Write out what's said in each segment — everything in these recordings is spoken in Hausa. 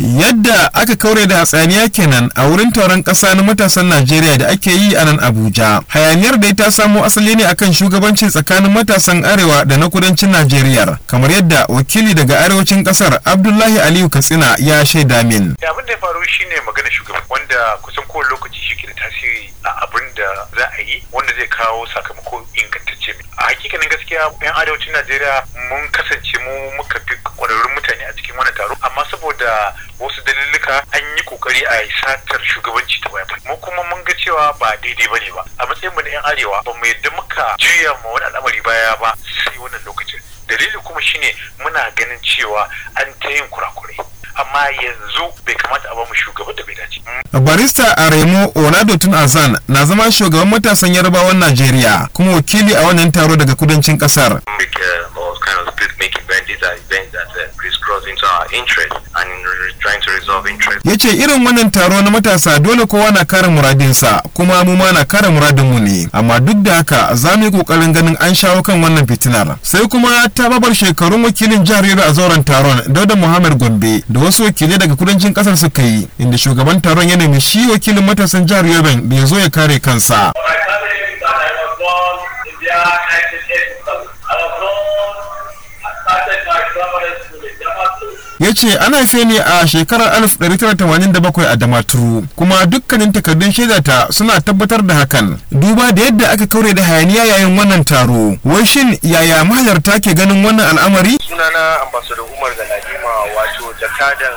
Yadda aka kaure da hatsaniya kenan a wurin taron ƙasa na matasan Najeriya da ake yi a nan Abuja. Hayaniyar dai ta samo asali ne akan shugabanci tsakanin matasan Arewa da na kudancin Najeriya. Kamar yadda wakili daga arewacin ƙasar Abdullahi Aliyu Katsina ya shaida min. Abin da ya faru shine magana shugaban wanda kusan kowane lokaci shi da tasiri a abin da za a yi wanda zai kawo sakamako ingantacce. A hakikanin gaskiya 'yan arewacin Najeriya mun kasance mu muka fi kwararrun mutane a cikin wani taro amma saboda wasu dalilika an yi kokari a satar shugabanci ta waya. mu kuma mun ga cewa ba daidai bane ba a matsayin mu na yan arewa ba mu yadda muka juya ma wani al'amari baya ba sai wannan lokacin dalili kuma shine muna ganin cewa an ta yin kurakurai amma yanzu bai kamata a bamu shugaban da bai dace. Barista Aremu tun Azan na zama shugaban matasan Yarbawan Najeriya kuma wakili a wannan taro daga kudancin kasar. Uh, ya ce irin wannan taro na matasa dole kowa na kare muradinsa kuma mu ma na kare muradinmu ne amma duk da haka za mu yi kokarin ganin an shawo kan wannan fitinar. Sai kuma ta babar shekarun wakilin jihar Yobe a zauren taron Dauda Muhammad Gombe da wasu wakilai daga kudancin kasar suka yi inda shugaban taron ya nemi shi wakilin matasan jihar Yobe ya zo ya kare kansa. ya ce ana sai ne a shekarar 1987 a damaturu kuma dukkanin takardun shaidata suna tabbatar da hakan duba da yadda aka kaure da hayaniya yayin wannan taro wai shin yaya mahalarta ke ganin wannan al'amari sunana ambassador umar galadima wato jakadan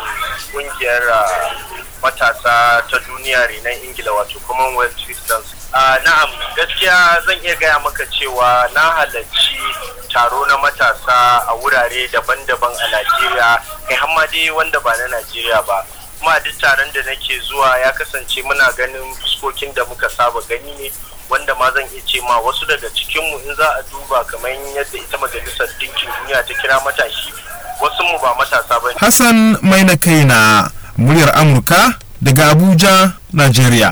kungiyar ah, matasa ta duniya renon ingila wato commonwealth christians ah, na'am gaskiya zan iya gaya maka cewa na halarci taro na matasa a wurare daban-daban a Najeriya kai hamadi wanda ba na Najeriya ba kuma duk taron da nake zuwa ya kasance muna ganin fuskokin da muka saba gani ne wanda ma zan iya ce ma wasu daga cikinmu in za a duba kamar yadda ita majalisar dinkin duniya ta kira matashi wasu mu ba matasa ba Hassan mai na kaina muryar Amurka daga Abuja, Najeriya.